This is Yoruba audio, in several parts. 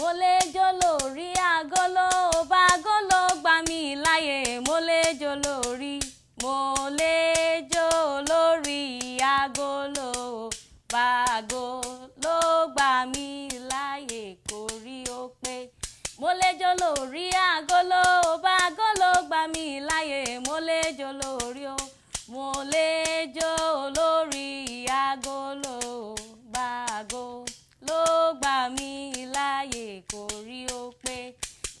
mo lè jó lórí agolo ọba agolo gbà mí láyè mo lè jó lórí mo lè jó lórí agolo ọba agolo gbà mí láyè kò rí ó pé mo lè jó lórí agolo ọba agolo. kò rí o pé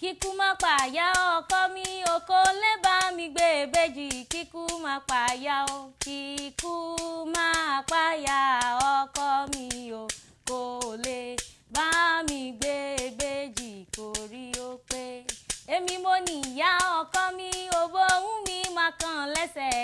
kíkú má pààyà ọkọ mi oko lè bá mi gbé ìbejì kíkú má pààyà o kíkú má pààyà ọkọ mi o kò lè bá mi gbé ìbejì kò rí o pé èmi mo níyà ọkọ mi òbò òun mi má kàn lẹ́sẹ̀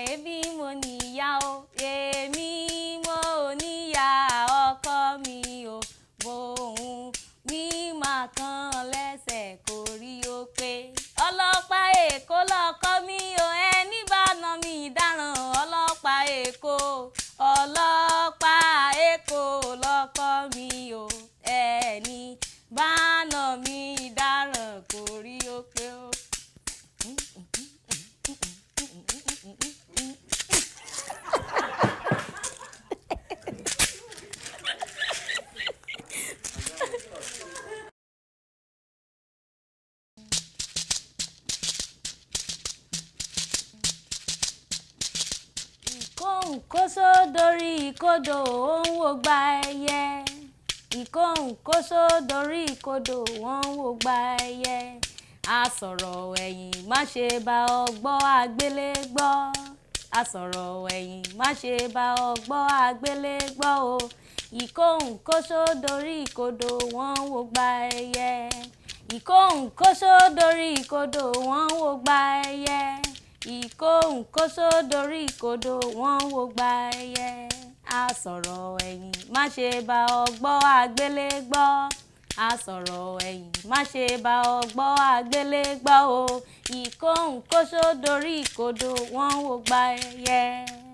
ìkóhùn kó sódórí ìkodò ó ń wò gba ẹyẹ ìkóhùn kó sódórí ìkodò wọ́n ń wò gba ẹyẹ àsọ̀rọ̀ ẹ̀yìn má ṣe bá ọ gbọ́ àgbélégbọ́ àsọ̀rọ̀ ẹ̀yìn má ṣe bá ọ gbọ́ àgbélégbọ́ o ìkóhùn kó sódórí ìkodò wọ́n ń wò gba ẹyẹ ìkóhùn kó sódórí ìkodò wọ́n ń wò gba ẹyẹ ìkóhunkóso dorí ìkodò wọ́n wo gba ẹyẹ a sọ̀rọ̀ ẹ̀yìn má ṣe bá ọ gbọ́ àgbélégbọ́ a sọ̀rọ̀ ẹ̀yìn má ṣe bá ọ gbọ́ àgbélégbọ́ o ìkóhunkóso dorí ìkodò wọ́n wo gba ẹyẹ.